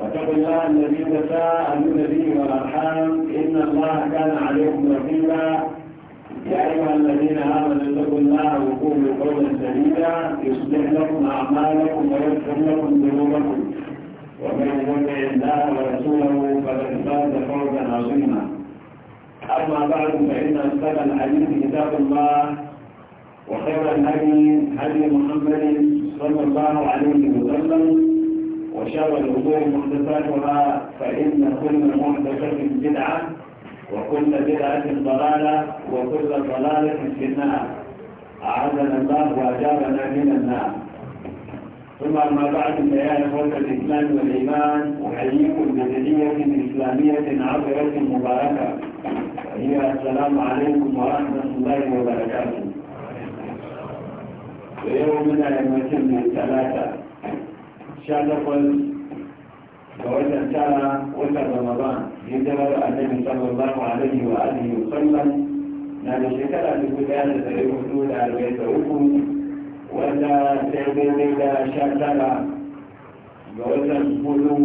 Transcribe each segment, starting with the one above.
واتقوا الله الذي تساءلون به والارحام ان الله كان عليكم رقيبا يا ايها الذين امنوا اتقوا الله وقولوا قولا سديدا يصلح لكم اعمالكم ويغفر لكم ذنوبكم ومن يطع الله ورسوله فقد فاز فوزا عظيما اما بعد فان اصدق الحديث كتاب الله وخير الهدي هدي محمد صلى الله عليه وسلم وشر الأمور محدثاتها فإن كل محدثة بدعة وكل بدعة ضلالة وكل ضلالة في النار أعاذنا الله وأجابنا من النار ثم أما بعد فيا إخوة الإسلام والإيمان أحييكم بهدية إسلامية عبرة مباركة هي السلام عليكم ورحمة الله وبركاته ويومنا يوم الثلاثة sha da watan tara watan ramadan hijirar annabi sallallahu alaihi wa alihi wa sallam na da shekara dubu daya da dari hudu da arba'in da uku wanda sai daidai da sha tara ga watan hudu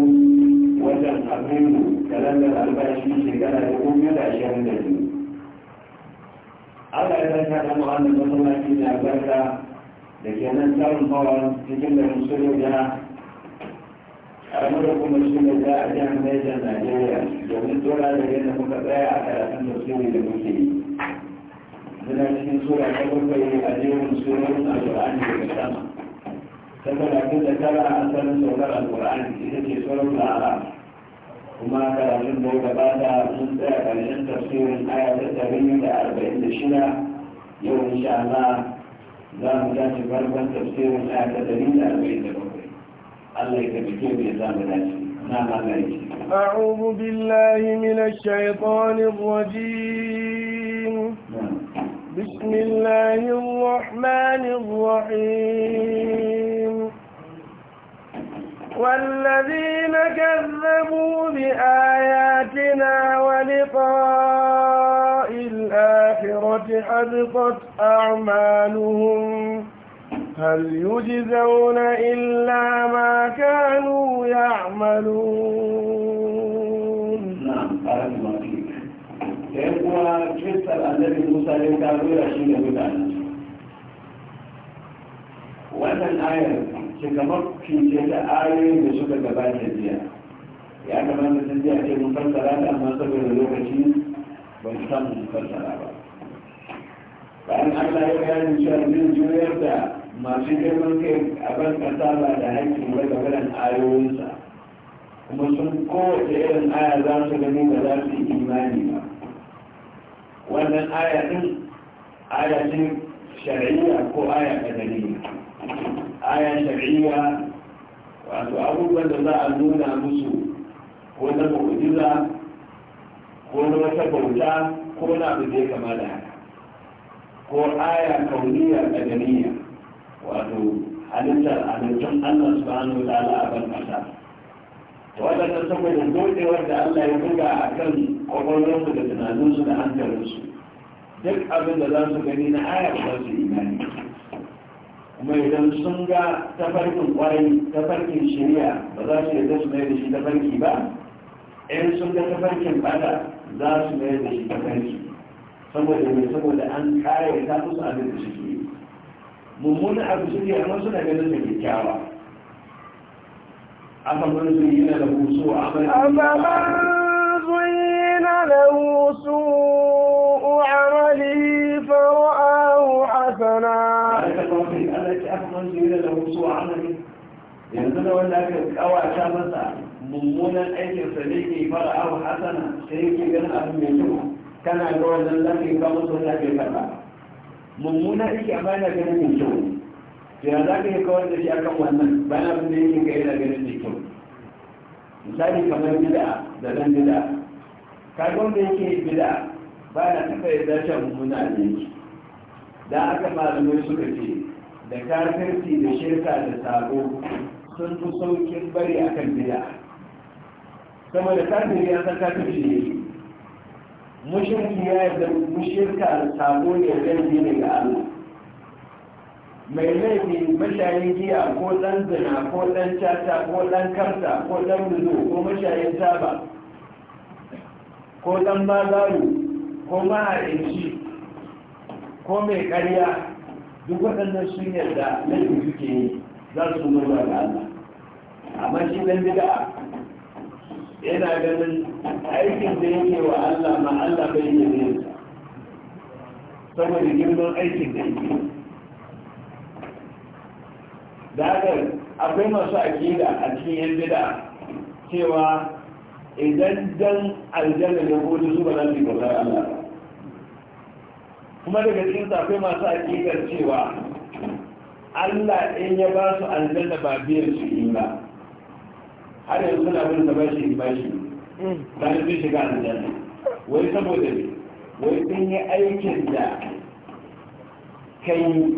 watan abrilu kalandar albashi shekara dubu biyu da ashirin da biyu Allah ya zarta da mu'annin masallaci da albarka da ke nan tsarin bawa cikin da musulun da kamar kuma shi ne za a jan Niger Nigeria domin tura da yadda muka tsaya a karatun tafsiri da muke yi. Muna cikin sura ta bakwai a jerin surorin Al-Qur'ani daga sama. Ta talatin da tara a asalin saurar Al-Qur'ani ita ce surar Al-Arab. Kuma karatun da ya gabata sun tsaya ƙarshen tafsirin aya ta ɗari da arba'in da shida yau insha Allah za mu tashi farkon tafsirin aya ta ɗari da arba'in da أعوذ بالله من الشيطان الرجيم نعم. بسم الله الرحمن الرحيم والذين كذبوا بآياتنا ولقاء الآخرة حبطت أعمالهم هل يجزون إلا ما كانوا يعملون نعم قال المعين يقوى كسر الذي موسى لكاروية شين بدانا wannan ayar ce kamar kince ta ayoyin da suka gabata jiya ya kamata ta jiya ce mun fassara ta amma saboda lokaci ban samu fassara ba bayan allah ya bayani cewa zai juyar da masu girman kai a ban kasa da haƙƙin daga wannan ayoyinsa kuma sun kowace irin aya za su gani ba za su yi imani ba wannan aya din aya ce shari'a ko aya kadariya aya shari'a wato abubuwan da za a nuna musu ko na mu'jiza ko na wata bauta ko na abu da ya kama da haka ko aya kauniya kadariya wato halittar halittun allah subhanahu wa ta'ala a ban kasa waɗanda saboda dodewar da allah ya buga a kan kwakwalwarsu da tunaninsu da hankalinsu duk abin da za su gani na ayar ba su imani kuma idan sun ga tafarkin kwarai tafarkin shari'a ba za su yadda su mai da shi tafarki ba in sun ga tafarkin bada za su mai da shi tafarki saboda mai saboda an kare ta musu abin da suke mummunan abu suke masu daga ganin da kyakkyawa أفمن زين له سوء عمله فرآه حسنا أفمن زين له سوء عمله yanzu da wanda aka kawata masa mummunan aikinsa ne ke fara abu hasana sai yake ganin kana lafi lafi mummuna yake a bayan ganin mai kyau to ya za ka yi kawar da shi a kan wannan bayan abin da yake kai yana ganin mai kyau misali kamar bida da zan bida kagon da yake bida ba na taɓa yarda shan mummuna a yanki da aka malamai suka ce da kafirci da shirka da sabo sun fi saukin bari akan bida sama da kafiri ya san kafirci ne mushirki ya da mushirka da sabo ne laifi ne ga Allah mai laifi mashayin giya ko dan zina ko dan cata ko dan karta ko dan buzo ko mashayin taba ko dan bazaru ko mahaifinci ko mai karya duk waɗannan sun yarda laifi suke yi za su nuna ga Allah amma shi dan bid'a yana ganin aikin da yake wa Allah ma Allah bai yi ne saboda girman aikin da yake da haka akwai masu akida a cikin yan bida cewa idan dan aljanna da kodi su ba za su yi Allah kuma daga cikin akwai masu akidar cewa Allah in ya ba su aljanna ba biyar su ba har yanzu suna bin da bashi bashi bayan eh. sun shiga aljanna wai saboda ne wai sun yi aikin da kai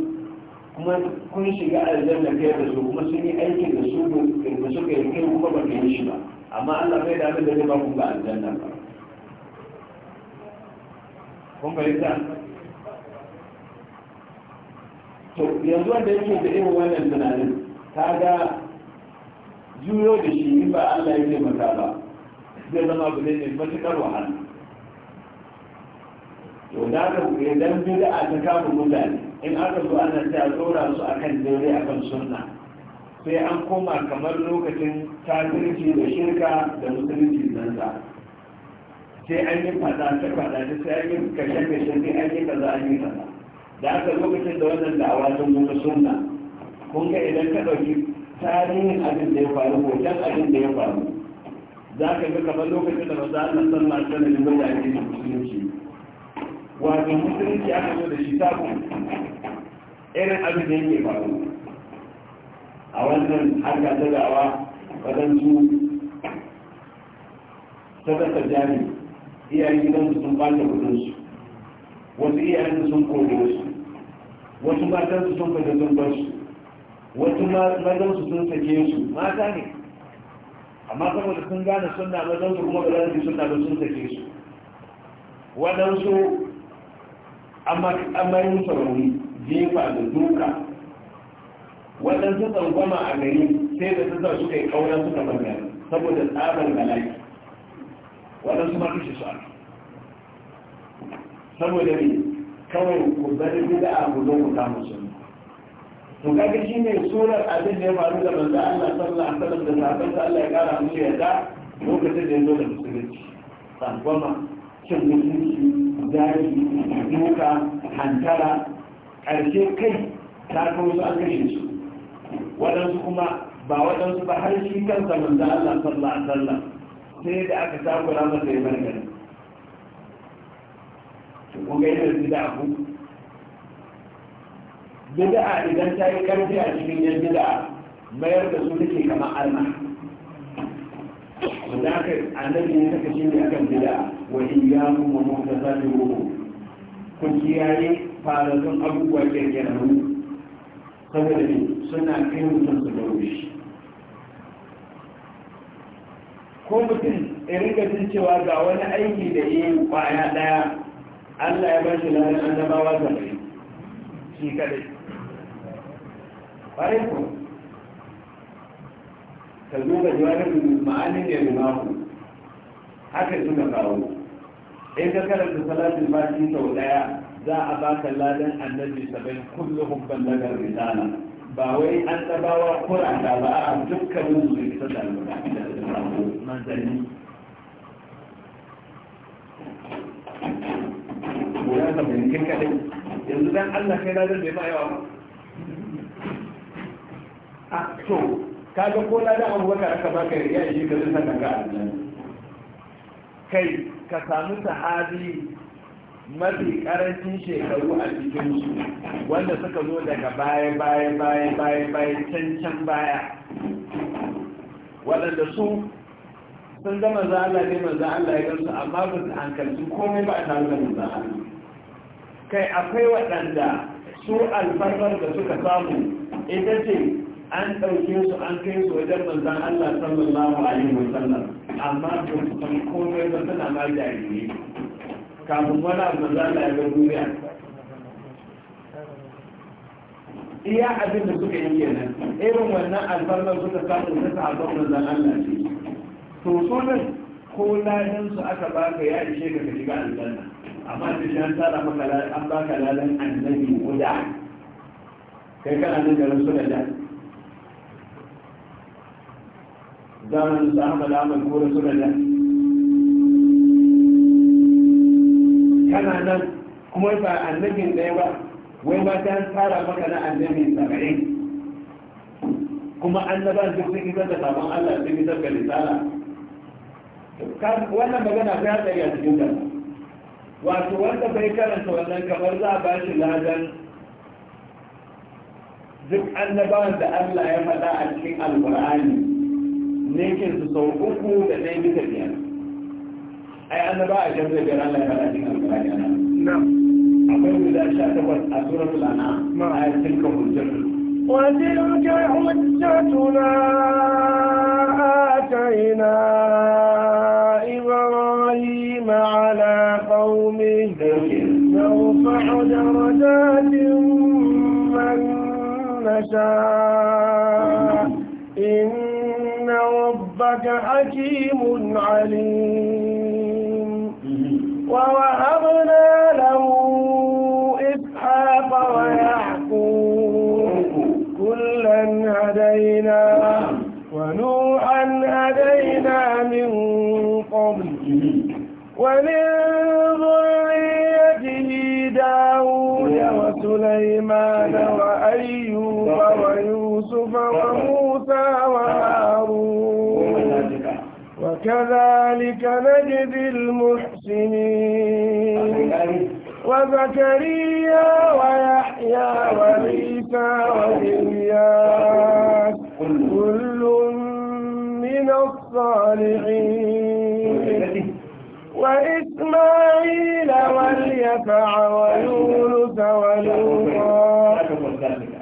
kuma kun shiga aljanna kai da su kuma sun yi aikin da su da suka yi kai kuma ba ka yi shi ba amma Allah bai da abin da zai ba ku ga aljanna ba kun fahimta to yanzu wanda yake da irin wannan tunanin ta ga juyo da shi in ba Allah ya taimaka ba zai zama abu ne mai matuƙar wahala to da ka idan bid'a ta kama mutane in aka zo ana ta tsora su akan dare akan sunna sai an koma kamar lokacin kafirci da shirka da musulunci nan da sai an yi fada ta fada ta sai an yi kashe kashe sai an yi kaza an yi kaza da aka lokacin da wannan da'awa sun mutu sunna kun ga idan ka ɗauki tarihin abin da ya faru hoton abin da ya faru za ka ga kamar lokacin da san Allah sallallahu alaihi wasallam bai da ake musulunci wato musulunci aka zo da shi ta ku irin abin da yake faru a wannan harka ta dawa wadansu sadaka jami iyayen gidansu sun ba da su wasu iyayen sun kore su wasu matansu sun fada sun bar su wasu mazan su sun sake su mata ne amma saboda sun gane na mazan su kuma ba za su sunna ba sun sake su waɗansu amarin sauri jefa da duka waɗansu tsangwama a gari sai da ta suka yi ƙaura suka manya saboda tsabar bala'i waɗansu ma kashe su saboda ne kawai ku zari gida a ku zo ku ta sunna to kaga shi ne surar abin da ya faru da manzo Allah sallallahu alaihi wasallam da sahabban sa Allah ya kara musu yarda lokacin da ya zo da musulunci tsangwama cin mutunci zaki duka hantara ƙarshe kai ta kawo su an kashe su waɗansu kuma ba waɗansu ba har shi kansa manzo Allah sallallahu alaihi wasallam sai da aka takura masa ya barkare gari. kun ga yadda da abu bid'a idan ta yi karfi a cikin yan bid'a mayar da su nake kamar Allah da aka annabi ya saka shi ne akan bid'a wa iyyakum wa muhdathatihum ku kiyaye farazun abubuwa kirkirarru saboda ne suna kai mutum su gauri shi ko mutum ya ringa jin cewa ga wani aiki da yi kwaya daya Allah ya bar shi lalar annabawa zamani shi kadai فارقوا kalmoda jawabin ma'anin ya rumaku haka suna kawo in ka karanta salatin bashi sau daya za a baka ladan annabi saba'in kulluhum ballagar risala ba wai an tabawa kurata ba a dukkanin su ne ta dalila da samu manzanni ya ka bin kaɗai yanzu dan Allah kai ladan bai ma yawa ba a ah, to kaga ko na da abubakar aka baka ya yi ka zai sanar ga kai ka samu sahabi mafi karancin shekaru a cikin su wanda suka zo daga baya baya baya baya baya can can baya waɗanda su sun zama za Allah ne manzo Allah ya gansu amma ba su hankalci komai ba a tare da manzo kai akwai waɗanda su alfarmar da suka samu ita ce an ɗauke su an kai su wajen manzan Allah sallallahu alaihi wa sallam amma ba su san komai ba suna ma jariri kafin wani abu manzan Allah ya ga duniya iya abin da suka yi kenan irin wannan alfarmar suka samu ta sahabban manzan Allah ce to sunan ko ladan su aka baka ya ishe ka shiga aljanna amma da shi an tsara maka an baka ladan annabi guda kai kana nan garin suna da zamanin su ahmad ahmad ko da suna da kana nan kuma ba annabin ɗaya ba wai ba ta tsara maka na annabin saba'in kuma annaban duk sun isar da sabon allah sun isar da risala wannan magana ta ya tsaye a cikin ta wato wanda bai karanta wannan kamar za a ba ladan duk annabawan da Allah ya faɗa a cikin alƙur'ani ninkin su sau uku da ɗaya bisa biyar ai an ba a jan zai biyar Allah ya fara cikin alƙur'ani ana akwai guda sha takwas a suratul an'am a tilka hujjatul وتلك حجتنا آتينا إبراهيم على قومه نرفع درجات من نشاء ربك حكيم عليم ووهبنا له إسحاق ويعقوب كلا هدينا ونوحا هدينا من قبل ومن ذريته داود وسليمان وأيوب ويوسف وموسى وكذلك نجزي المحسنين وزكريا ويحيى وليسى وإلياس كل من الصالحين وإسماعيل واليسع ويونس ولوطا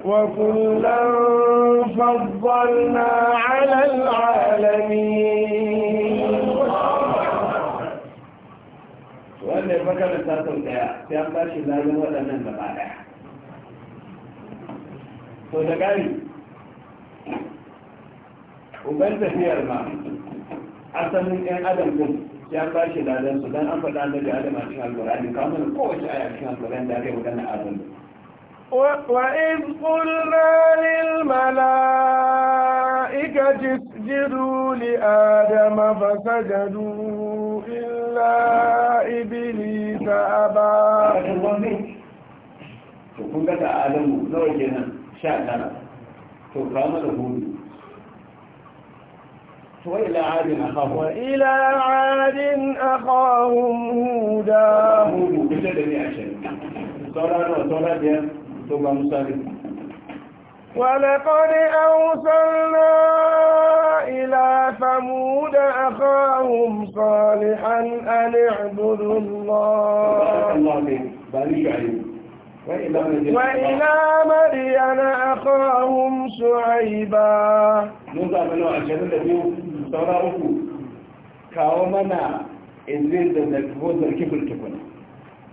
وكلا فضلنا على العالمين wanda ya makaranta sau daya sai an bashi lalin waɗannan da ba daya so da gari uban tafiyar ma asalin yan adam din sai an bashi ladan su don an faɗa da ga adam a cikin ne kamar kowace aya cikin alƙur'ani da aka yi wadannan adam وإذ قلنا للملائكة اسجدوا لآدم فسجدوا إلا إلا إبليس أبا to kun gata alamu zawon kenan sha tara to kama da hudu to wa ila adin a kawo wa ila adin a kawo huda hudu kusa da ne a shari'a saurara saurara biyar to ba musa ولقد أرسلنا إلى ثمود أخاهم صالحا أن اعبدوا الله وإلى مدين أخاهم شعيبا kawo mana izin da na gozar kifin tukuna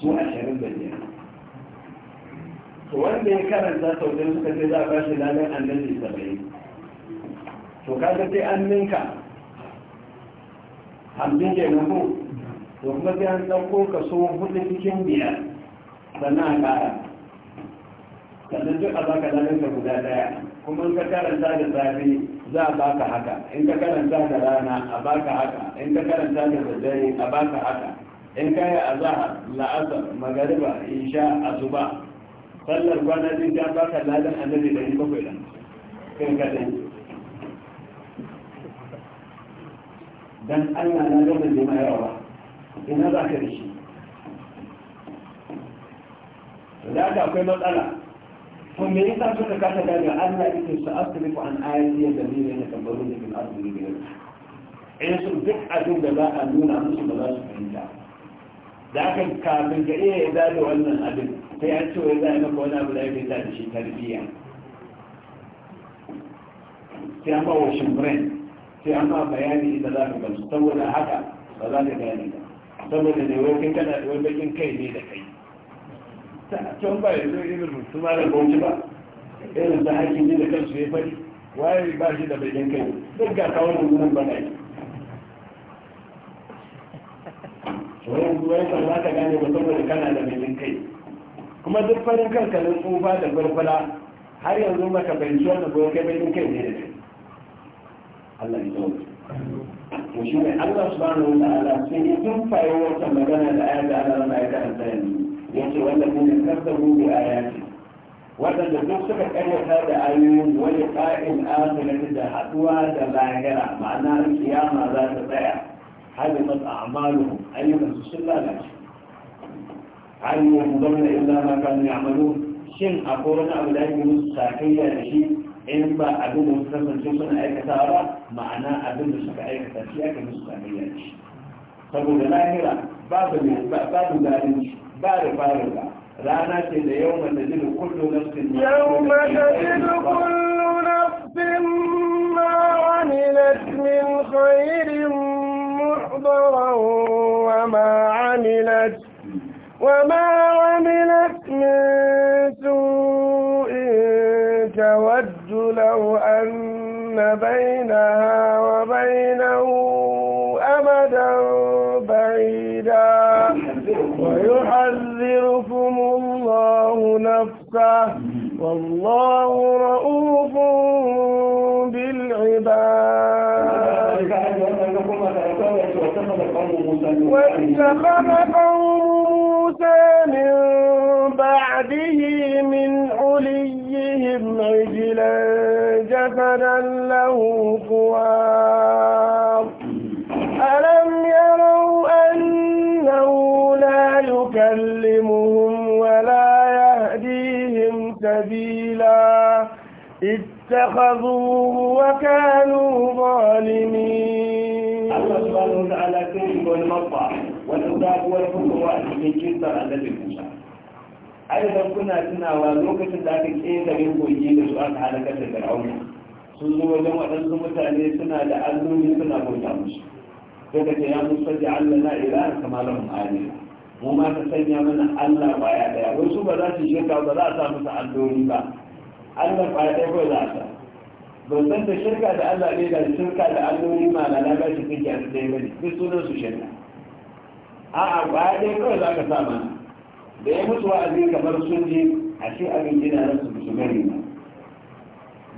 su ashirin da biyar to wanda ya karanta sau da suka ce za a bashi lalar annabi saba'in to kaga sai an ninka hamsin ke nan ko to kuma sai an ɗauko kaso hudu cikin biyar sannan a ƙara sannan duk a baka lalar ka guda ɗaya kuma in ka karanta da safe za a baka haka in ka karanta da rana a baka haka in ka karanta da daddare a baka haka in ka yi za la'asar magariba in isha asuba sallar kwanar jin ta baka ladan annabi da yi bakwai da kan kaɗai dan allah na gaba da ma yawa ina za ka rishi da aka akwai matsala kun me yasa suka kasa daga Allah yake su ku an ayati da ne ne kan baro da bil ardi ne in su duk abin da za a nuna musu ba za su fahimta da aka kafin ka iya yarda da wannan abin sai an ce wai za a maka wani abu da fita da shi tarbiyya sai an ba wa shimbrin sai an ba bayani da za ka gamsu saboda haka ba za ka gani ba saboda ne wai kai kana wani bakin kai ne da kai can ba ya zo irin su ma da gauci ba irin da hakin ne da kansu ya fari waye ba shi da bakin kai duk ga kawo da gurin ba na yi wani wani za ka gane ba saboda kana da mai kai kuma duk farin kanka na tsufa da gwargwala har yanzu maka bai ciwon da goyon kai bai kai ne da kai Allah ya zo to shi ne Allah subhanahu wa ta'ala sai ya tumfaye wata magana da ayat da Allah na aika an tsayani yace wanda mun kasabu bi ayati wadanda duk suka karyata da ayoyin wani qa'il akhirati da haduwa da lahira ma'ana kiyama za ta tsaya حلمت أعمالهم أيهم سلالة هل ينظرون إلا ما كانوا يعملون شن أقولنا أولا يقولون ساكية لشيء يعني إن با أبو مستقبل جسنا أي كتارة معنى أبو مستقبل أي كتارة شيء أكي مستقبل شيء saboda lahira babu ne babu zalunci ba da faru ba rana ce da yau يوم jiru kullu nafsin yau mata jiru kullu nafsin ma amilat min khairin محضرا وما عملت وما عملت من سوء تود لو أن بينها وبينه أمدا بعيدا ويحذركم الله نفسه والله رؤوف بالعباد واتخذ قوم موسى من بعده من عليهم عجلا جسدا له خوار ألم يروا أنه لا يكلمهم ولا يرى سبيلا اتخذوه وكانوا ظالمين الله سبحانه وتعالى كريم والمطبع والعذاب والفتوات من جنسة الذي موسى أيضا كنا تناوى لوكة ذاك الشيء تبين بوجيه لسؤال حالك فرعون سنو وجم وأنزم متعني سنة لأنه سنة بوجه مش فإذا كان يا موسى جعلنا إله كما لهم آلهة ma ka sanya mana Allah baya daya wai su ba za su shirka ba za a sa musu alloli ba Allah baya daya kawai za a sa ban san da shirka da Allah ne da shirka da alloli ma na na gashi kake a cikin gani duk sunan su shirka a'a baya daya kawai za ka sa mana da ya mutu wa'azi kamar sun je a cikin abin gina na su su gani ba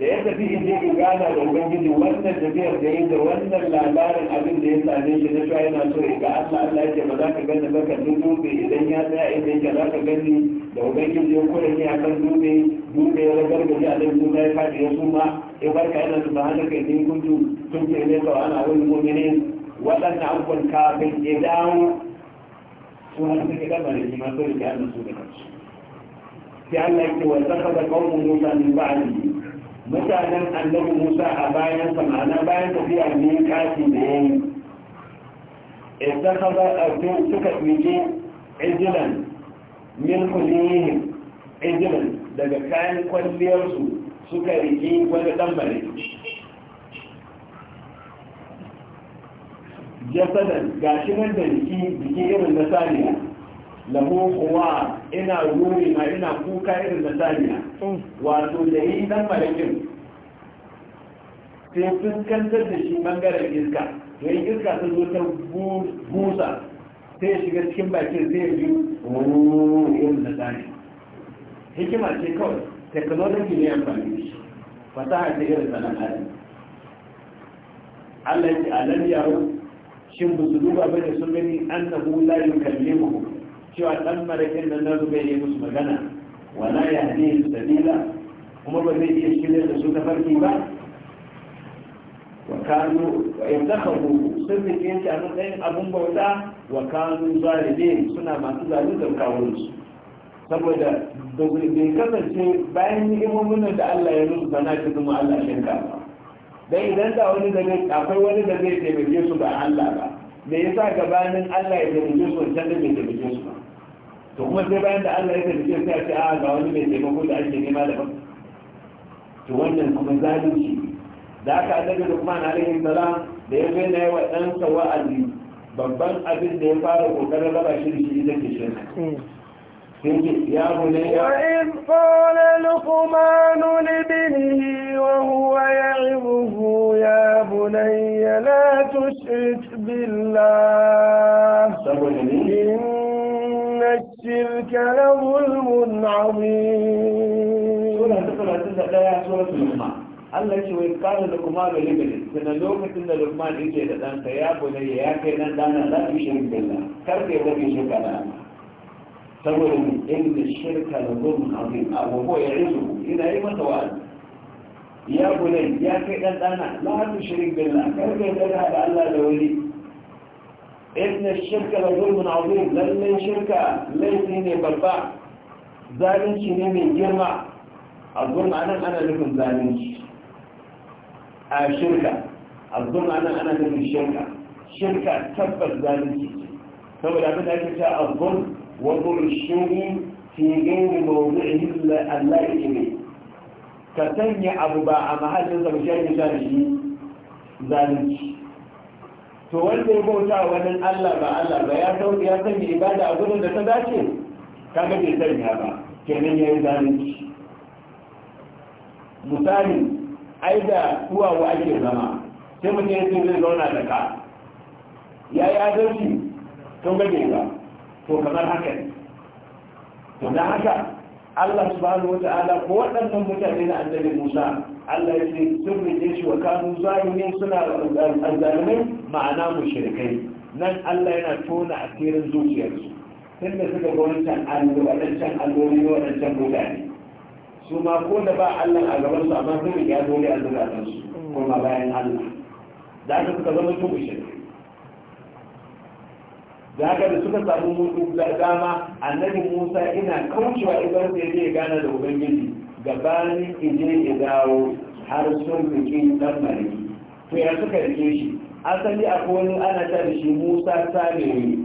da ya tafi in ya gada gana da ubangiji wannan tafiyar da yi da wannan labarin abin da ya same shi na shi yana so ga Allah Allah ce ba za ka gani ba ka dutse idan ya tsaya inda yake za ka gani da ubangiji ya kula ne a kan dutse dutse ya ragar gari a dan dutse ya faɗi ya suma ya barka yana kai ne kuntu tun ke ne kawai ana wani mu'minin waɗannan abubuwan kafin ya dawo su har suke dama da kima so da ke Allah su da kansu sai Allah yake wa saka da kaumun Musa min ba'di mutanen annabi musa a bayan samana bayan tafiya ne kashi da ya yi idan haza a suka tsike ejilan min kulihim ijilan daga kayan kwalliyarsu suka rike wani dan bare jasadan shi nan da jiki irin na saniya Lamu kuwa ina ruri na ina kuka irin na saniya mm. wato da yi dan malakin sai fuskantar da shi bangaren iska to iska ta zo ta busa sai shiga cikin bakin sai yi irin na saniya hikima ce kawai teknoloji ne amfani da shi fasaha ce irin sanan adam Allah ya ce alam yaro shin ba su duba sun gani an annahu kalli yukallimuhum cewa dan malakin nan na zubai ne musu magana wala ya su sabila kuma ba zai iya shirya da su farki ba wa kanu wa yadakhu sun rike shi a matsayin abun bauta wa kanu zalimin suna masu zaluntar kawunsu saboda da bai kasance bayan ni'imomin da Allah ya rubuta na ta zama Allah shirka ba idan da wani da zai akwai wani da zai taimake su ba Allah ba me yasa gabanin Allah ya taimake su wancan da bai taimake su ba to kuma sai bayan da Allah ya tafi sai ce a ah, ga wani mai taimako da ake nema daban to wannan kuma zalunci da aka annabi Luqman alaihi salam da ya bayyana wa dan wa'azi babban abin da ya fara kokarin raba shi shi ita ke shi hmm. ya bunayya wa in qala luqman li binihi wa huwa ya الشرك لظلم عظيم Allah ce wai kare da kuma ga limini tana lokacin da Lukman yake da ɗansa ya bunayya ya kai nan dana za ki shirin billa kar ka yi rabin shirka da Allah saboda inda shirka da zuwan azim abubuwa ya rizu ina yi masa wa'azi ya bunayya ya kai ɗan dana la tu shirin billa kar ka yi da Allah da wani إن الشركة لظلم عظيم لأن الشركة ليس بلبع ذلك من جرمع الظلم أنا أنا لكم ذلك الشركة الظلم أنا أنا لكم الشركة شركة تبت ذلك لابد أن أجل الظلم وضع الشيء في غير موضعه اللائق به كتني أبو باع مهاجر زوجين ذلك ذلك to wanda ya bauta wani Allah ba Allah ba ya san ya san ibada a gudun da ta dace kaga bai ya ba kenan yayi zalunci misali ai da uwawa ake zama sai mutum ya zai zauna da ka ya yi adalci to gaje ba to kamar haka to da haka Allah subhanahu wa ta'ala ko waɗannan mutane na annabi Musa Allah ya ce sun rike shi wa kanu zalimin suna azzalimai ma'ana mushrikai nan Allah yana tona asirin zuciyarsu tun da suka ga wancan alloli waɗancan alloli ne waɗancan mutane su ma ko da ba Allah a gaban su amma sun rike alloli a su kuma bayan Allah za aka suka zama su mushrikai da haka da suka samu mutu dama annabi musa ina kaucewa idan sai zai gana da ubangiji gabanin ije ya dawo har sun rike dan mariki to ya suka rike shi asali a wani ana ta da shi musa samiri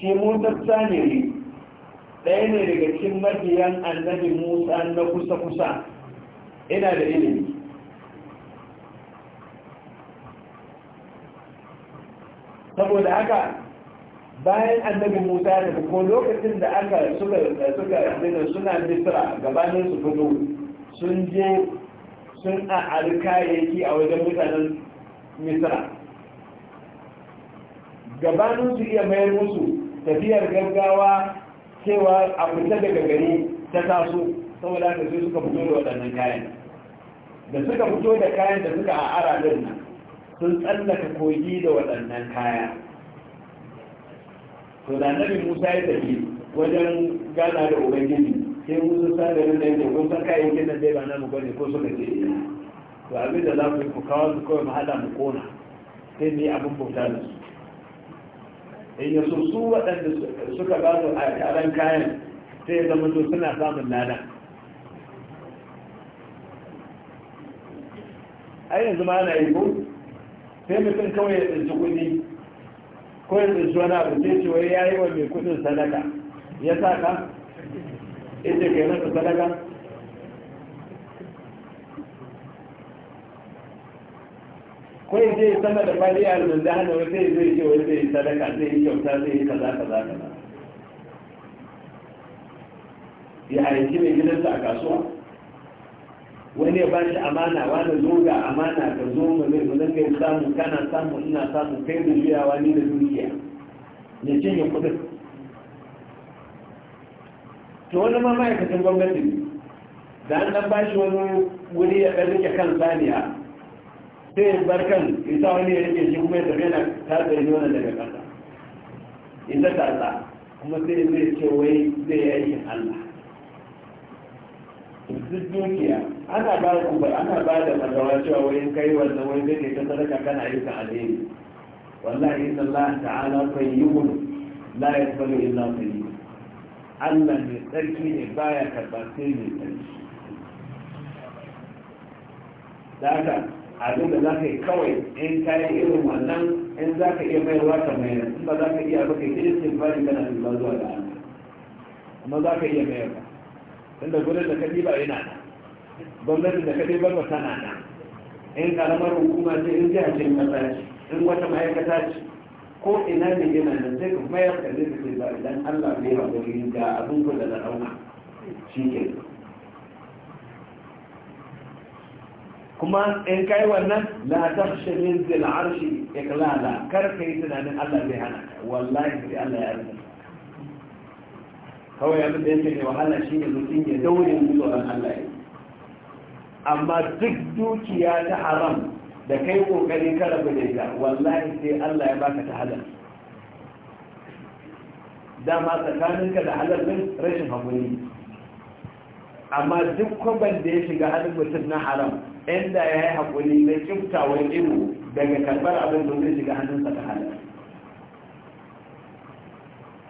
shi musa samiri ɗaya ne daga cikin mabiyan annabi musa na kusa-kusa ina da ilimi saboda haka bayan annabi musa ya tafi ko lokacin da aka suka suka suna misra gabanin su fito sun je sun a kayayyaki a wajen mutanen misra gabanin su iya mayar musu tafiyar gaggawa cewa a fita daga gari ta taso saboda haka sai suka fito da waɗannan kayan da suka fito da kayan da suka a ara nan sun tsallaka kogi da waɗannan kaya to da annabi musa ya tafi wajen gana da ubangiji sai musa sa da rinda yake kun san kayayyakin nan da ba na mu gane ko suka ce eh. to abin da za ku yi ku kawo su kawai mu haɗa mu kona sai mu yi abin bauta da su in ya so su waɗanda suka ba su a taron kayan sai ya zama to suna samun lada ai yanzu ma ana yi ko sai mutum kawai ya tsinci kuɗi ko yanzu shi wani abu sai ce wai ya yi wa mai kudin sadaka ya sa ka ita ke nasa sadaka ko ya ce sama da fari a da hana wai sai zai ce wai zai yi sadaka zai yi kyauta zai yi kaza kaza kaza ya aiki mai gidansa a kasuwa wani ya bashi amana wani zo ga amana ka zo mu ne mu dinga samu kana samu ina samu kai da juyawa ni da dukiya ya cinye kudin to wani ma ma'aikacin gwamnati da an dan bashi wani wuri ya ɗan rike kan saniya sai ya bar kan isa wani ya rike shi kuma ya tafi yana tatsa yi wani daga kasa ita tatsa kuma sai zai ce wai zai yi aikin allah duk dukiya ana ba da kuma ana ba da fatawa cewa wurin kai wanda wani zai ta sadaka kana yi ka alheri wallahi inna Allah ta'ala tayyibun la yaqbalu illa tayyib Allah mai tsarki ne baya karba sai mai tsarki da haka abin da za ka yi kawai in ka yi irin wannan in za ka iya mayarwa ka mai in ba za ka iya ba ka yi irin bari kana zuwa da Allah amma za ka iya mayarwa tunda gurin da kadi ba yana nan gwamnatin da kadi ba ba tana da in karamar hukuma ce in jiha ce in kasa ce in wata ma'aikata ce ko ina ne yana nan sai kuma ya kalle zai ke ba idan Allah bai haƙuri ga abin ku da na ɗauka shi ke kuma in kai wannan la takhsha min zil arshi iqlala kar kai tunanin Allah bai hana wallahi sai Allah ya rubuta kawai abin da yake mai wahala shi ne mutum ya daure mu tsoron Allah ya amma duk dukiya ta haram da kai kokari ka rabu da ita wallahi sai Allah ya baka ta halal dama tsakaninka da halal din rashin hakuri amma duk kwaban da ya shiga halin mutum na haram inda ya yi hakuri na kimtawar ido daga karbar abin da zai shiga hannunsa ta halal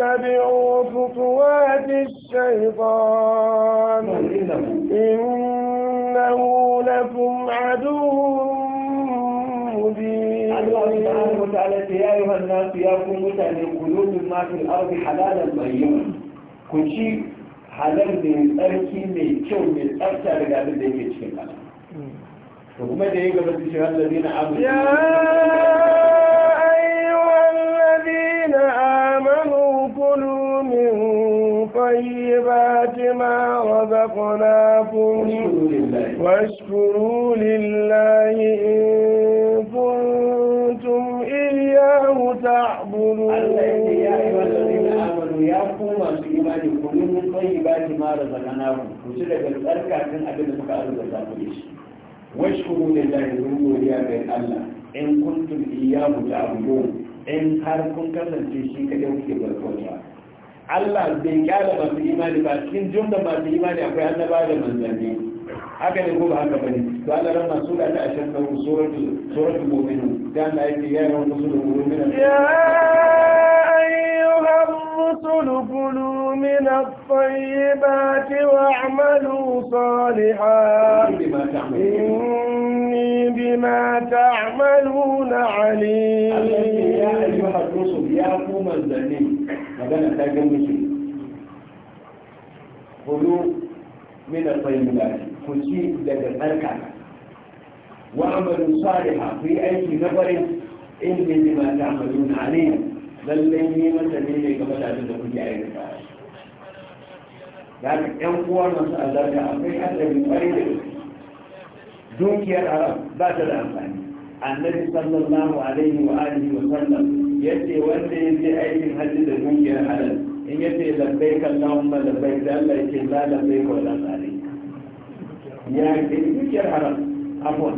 اتبعوا خطوات الشيطان إنه لكم عدو مبين الله سبحانه وتعالى يا أيها الناس يا قوم قلوب ما في الأرض حلالا طيبا كل شيء حلال من أركي من كيو من أركي على قبل ذلك الشيء وما ده قبل الشيء الذين عملوا يا أيها الذين آمنوا من طيبات ما رزقناكم واشكروا لله إن كنتم إياه تعبدون ya koma su imani kullum mun tsayi ba ki mara zakana ku ci daga tsarkakin abin da da shi ga kasance shi Allah bai kyala masu imani ba cikin jumla masu imani akwai annaba da manzanni haka ne ko ba haka bane to Allah ran masu da ta ashan kan suratul suratul mu'minun dan Allah yake ya ran musulun mu'minun ya ayyuhar rusul qulu min at-tayyibati wa'malu salihan inni bima ta'maluna alim ya ayyuhar rusul ya ku manzanni لنا تجنسي خلو من الطيبات خشي لك الأركع وعمل صالحا في أي نظر إن لما تعملون عليه بل لن يمتلين كما تعبد كل عين لكن يعني إن قوى نسأل لك أفري حتى من فريدك دوك يا رب بعد الأنفان النبي صلى الله عليه وآله وسلم yace wanda ya je aikin hajji da dukiyar halal in yace labbai kallon ma labbai da Allah yake la labbai ko da tsari ya ce dukiyar haram afwan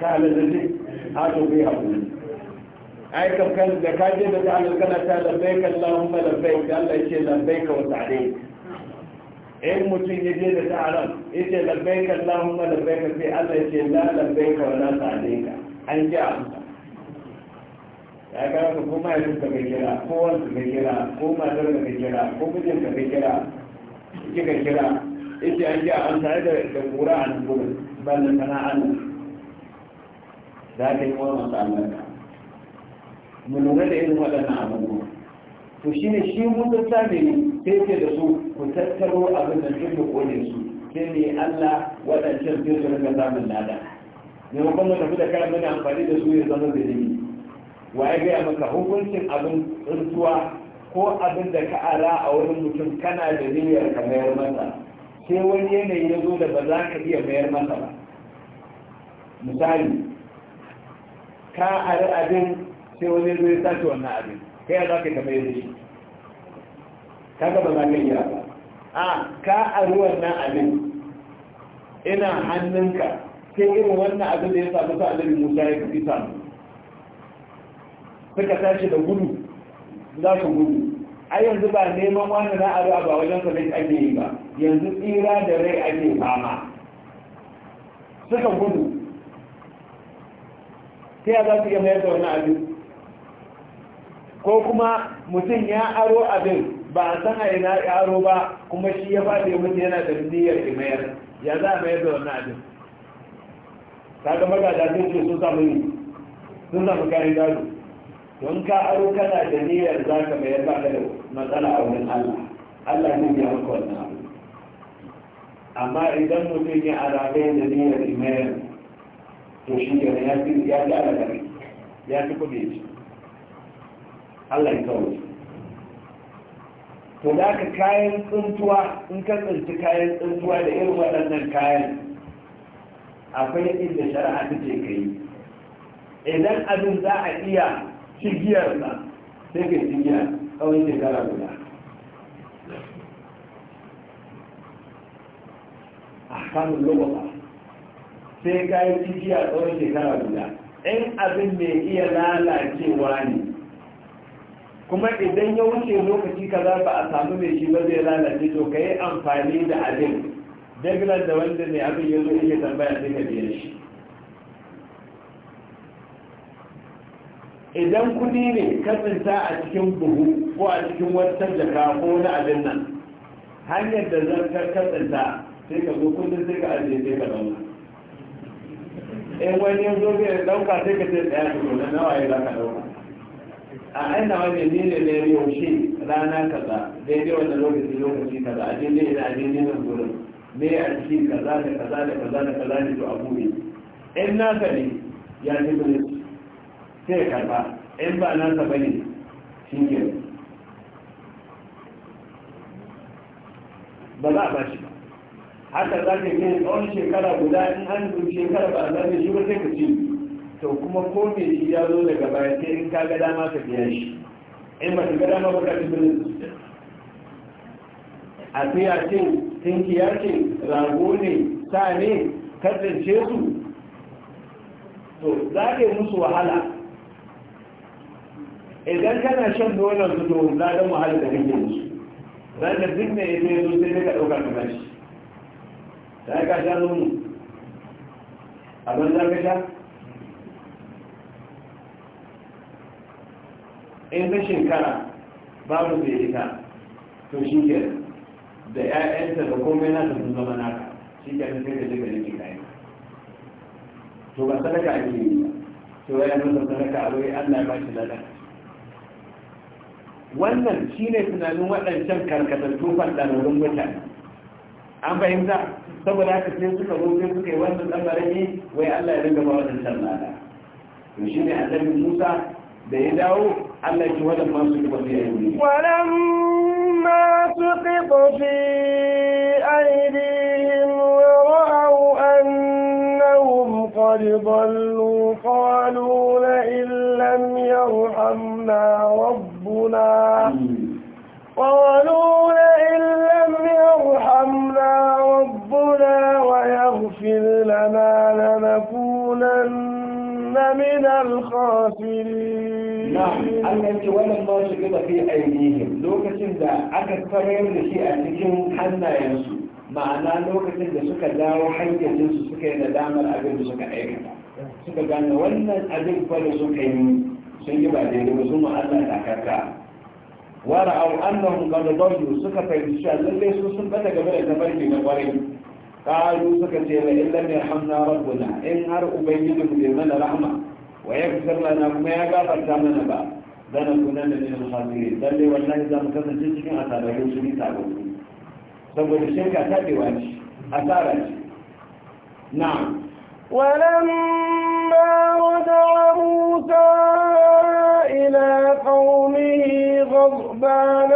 ta halal ne a to bai hakuri ai kam kan da ka je da ta halal kana ta labbai kallon ma labbai da Allah yake labbai ko tsari in mutum ya je da ta haram yace labbai kallon ma labbai sai Allah yake la labbai ko la tsari an ji amsa ya ga ka ko yin ka kai kira ko wani ka kai kira ko matar ka kai kira ko mijin ka kai kira ki ka kira ita an ji an sai da da kura an gudu ballan kana an da kai mu ma Allah mu lura da irin wadannan abubuwa to shi mun da tsare ne sai ke da su ku tattaro abin da kike kone su sai ne Allah wadannan jirgin da rinka nada ne kuma mu tafi da kayan mun amfani da su ya zama da zini wa ya gaya maka hukuncin abin tsuntuwa ko abin da ka ara a wurin mutum kana da niyyar ka mayar masa sai wani yanayi ya zo da ba za ka iya mayar masa ba misali ka ari abin sai wani zo ya sace wannan abin kai ya za ka ka mayar shi kaga ba za ka iya ba a ka ari wannan abin ina hannunka sai irin wannan abin da ya samu sa'adar Musa ya fi samu suka tashi da gudu za su gudu a yanzu ba neman wani na a ba wajen sa ake yi ba yanzu tsira da rai ake fama suka gudu ta ya za su iya mayar da wani abin ko kuma mutum ya aro abin ba a san a ina ya aro ba kuma shi ya faɗi mutum yana da niyyar imayar ya za a mayar da wani abin ta ga magada sun ce sun samu sun samu kayan gado don ka aro kana da niyyar za ka mayar ba ka da matsala a wurin Allah Allah ne ya maka wannan abu amma idan mutum ya arabe da niyyar imayar to shi ke ya fi ya fi ala ya fi kuɗi Allah ya kawo to da ka kayan tsuntuwa in ka tsinci kayan tsuntuwa da irin waɗannan kayan akwai inda shari'a ta ce ka yi idan abin za a iya cigiyar na sai ka cigiya tsawon shekara guda a kamun lokuta sai ka yi cigiya tsawon shekara guda in abin mai iya lalacewa ne kuma idan ya wuce lokaci kaza ba a samu mai shi ba zai lalace to ka yi amfani da abin daglar da wanda mai abin ya zo yake tambaya sai ka biya shi idan kudi ne katsinta a cikin buhu ko a cikin wata jaka ko wani abin nan hanyar da zarkar katsinta sai ka zo kudin sai ka ajiye sai ka zama in wani ya zo zai dauka sai ka sai tsaya su kudin nawa ya za ka dauka a aina wani ne ne ne yaushe rana kaza daidai wani lokaci lokaci kaza a jini da a jini nan gurin ne a ciki kaza da kaza da kaza da kaza ne to abu ne in naka ne ya ce kudin sai ya karba in ba nan nasa bane shi ke ba za a ba shi ba haka za ka yi tsawon shekara guda in an zuwa shekara ba a zaɓe shi ba sai ka ci to kuma ko me shi ya zo daga baya sai in ka ga dama ka biya shi in ba ka ga dama ba ka ci birnin a fiya ce tinkiya ce rago ne sa ne kasance su to za ka yi musu wahala idan kana shan nonon su to na dan wahala da kake yi ran da duk ne ya yanzu sai ka dauka ka bashi sai ka sha nono abin za ka sha in ta shekara babu zai ita to shi ke da 'ya'yanta da komai na sun zama naka shi ke sai ka je ka kayan to ba sadaka ake yi ba to ya nuna sadaka a wai Allah ya ba shi ladaka wannan shi ne tunanin waɗancan karkatattu faɗarorin mutane an fahimta saboda haka sai suka zo sai suka yi wannan tsammarin ne wai allah ya ringa ba waɗancan lada to shi ne annabi musa da ya dawo allah ya ci waɗanda masu yi wasu yi ne ولما سقط في أيديهم ورأوا أنهم قد ضلوا قالوا لئن لم يرحمنا ربنا ربنا قالوا لئن لم يرحمنا ربنا ويغفر لنا لنكونن من الخاسرين نعم أنت ولما شكت في أيديهم لو كنت أكثر من شيء أتكين حنا ينسو لو lokacin da suka dawo hayyacinsu suka yi nadamar abin da suka aikata suka gane wannan sun yi ba daidai ba sun Allah na karka wara au annahum qad dallu suka fahimci cewa lalle su sun bata game da tabarki na kwarai qalu suka ce la illa hamna rabbuna in har ubangiji mu bai mana rahma wa yaghfir lana kuma ya gafarta mana ba dana kunan da min hasiri khasirin lalle wallahi za mu kasance cikin asarai su ni tabo saboda shirka ta dewa ce asara ce na'am ولما رجع موسى إلى قومه غضبان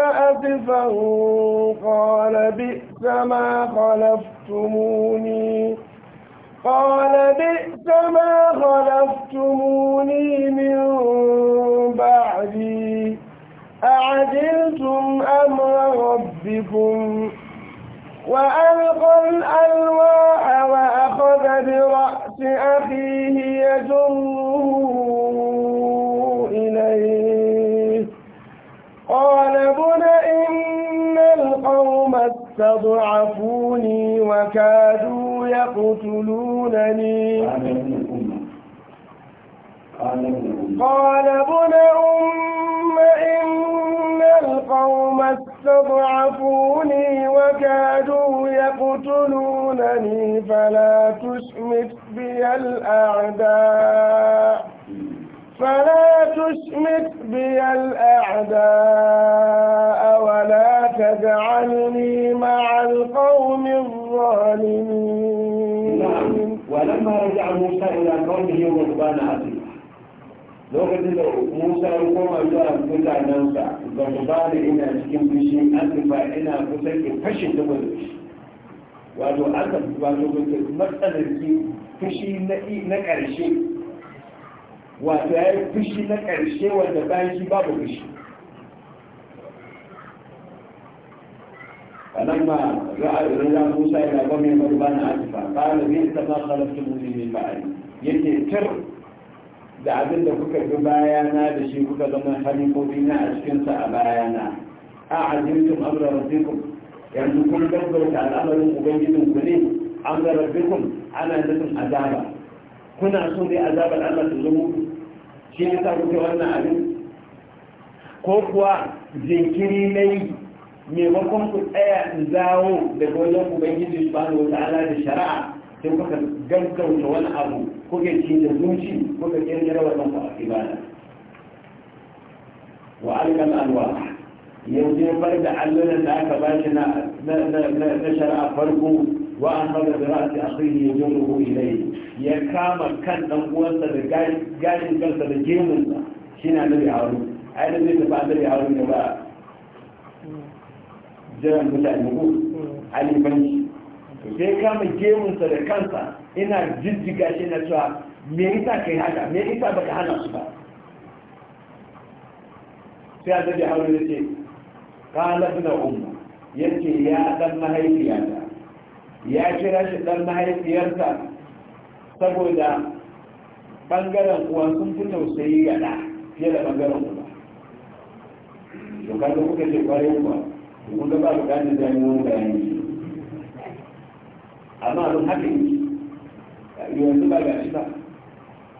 قال بئس ما خلفتموني قال بئس ما خلفتموني من بعدي أعجلتم أمر ربكم وأ استضعفوني وكادوا يقتلونني قال ابن أم إن القوم استضعفوني وكادوا يقتلونني فلا تشمت بي الأعداء فلا تشمت بي الأعداء ولا تجعلني مع القوم الظالمين نعم ولما رجع موسى إلى قومه وغضبان عليه لو قلت له موسى وقوم الله قلت عن موسى غضبان إن أشكم بشيء أنت فإن أفسك فشل دول وقالوا أنت فشل دول مسألة شيء نكر شيء wato ya yi fushi na ƙarshe wanda bayan shi babu fushi فلما رأى رضا موسى إلى قومه غضبان آسفا قال بئس ما خلفتموني من بعدي يتي تر da abin da kuka bi bayana da shi kuka zama halifofi na a cikinsa a bayana a ajintum amra rabbikum yanzu kun gaggauta al'amarin ubangijin ku ne amra rabbikum ana nufin azaba kuna so dai azabar Allah ta zama muku shi ya sa kuke wannan abin ko kuwa jinkiri na yi maimakon ku tsaya in zawo daga wajen ubangiji da wata ala da shari'a sai kuka gaggauta wani abu kuka ci da zuci kuka kirkira wannan ku da wa alkan alwa yanzu ya bar da allunan da aka ba shi na shari'a farko wa an fara da a ra'asi akhihi yajruhu ilai ya kama kan dan uwansa da gashin kansa da gemunsa shi na nabi haru ai da zai tafi annabi haru da ba jiran mutane ko hmm. alifanci sai kama gemunsa da kansa ina jijjiga shi na cewa me yasa kai haka me yasa baka hana su ba sai annabi haru ya ce kala ibn umma yace ya dan mahaifiyata ya kira shi dan mahaifiyarsa saboda ɓangaren kuwa sun fi tausayi ga ɗa fiye da ɓangaren kuwa. to kaga kuka ce kwarai kuwa to kun ba bukatar da mu bayani amma abin haka ne yanzu ba gashi ba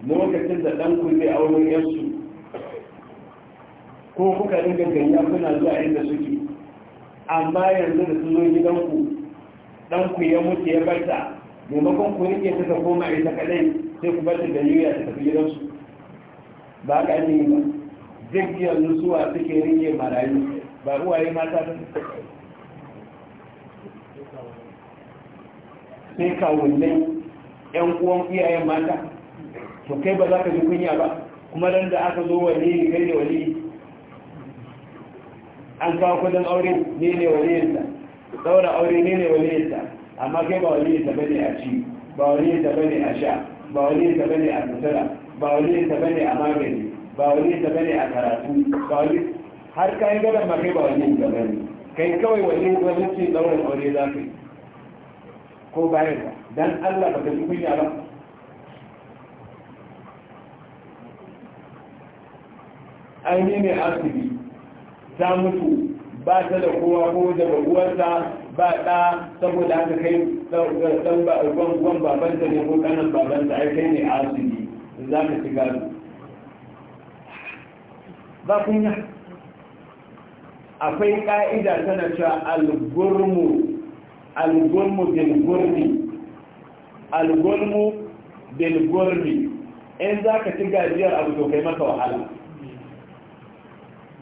lokacin da ɗan ku zai wurin yansu ko kuka rinka ganya kuna zuwa inda suke amma yanzu da su zo gidanku ɗan ku ya mutu ya barta maimakon ku rike ta ta koma ita kadai sai ku bar ta da yuya ta tafi gidansu ba ka ne ba duk yanzu suwa suke rike marayu ba ruwaye mata ta sai kawunnai yan uwan iyayen mata to kai ba za ka ji kunya ba kuma dan da aka zo wani kai ne wani an kawo kudin aure ne ne waliyinsa daura aure ne ne waliyinsa amma kai ba wani ta bane a ci ba wani ta bane a sha ba wani ta bane a sutura ba wani ta bane a magani ba wani ta bane a karatu ba wani har kayan gadon ma kai ba wani ta bane kai kawai wani gwamnati ɗaurin aure za ka yi ko bayan ba dan Allah ba ka ji kunya ba aini ne asibi ta mutu ba ta da kowa ko da uwarsa ba ɗa saboda haka kai ɗan ba gwan babanta ne ko kanan babanta ai kai ne asiri za ka ci gado ba kunya akwai ƙa'ida tana cewa algurmu algurmu bil gurmi algurmu bil gurmi in za ka ci gajiyar abu to kai maka wahala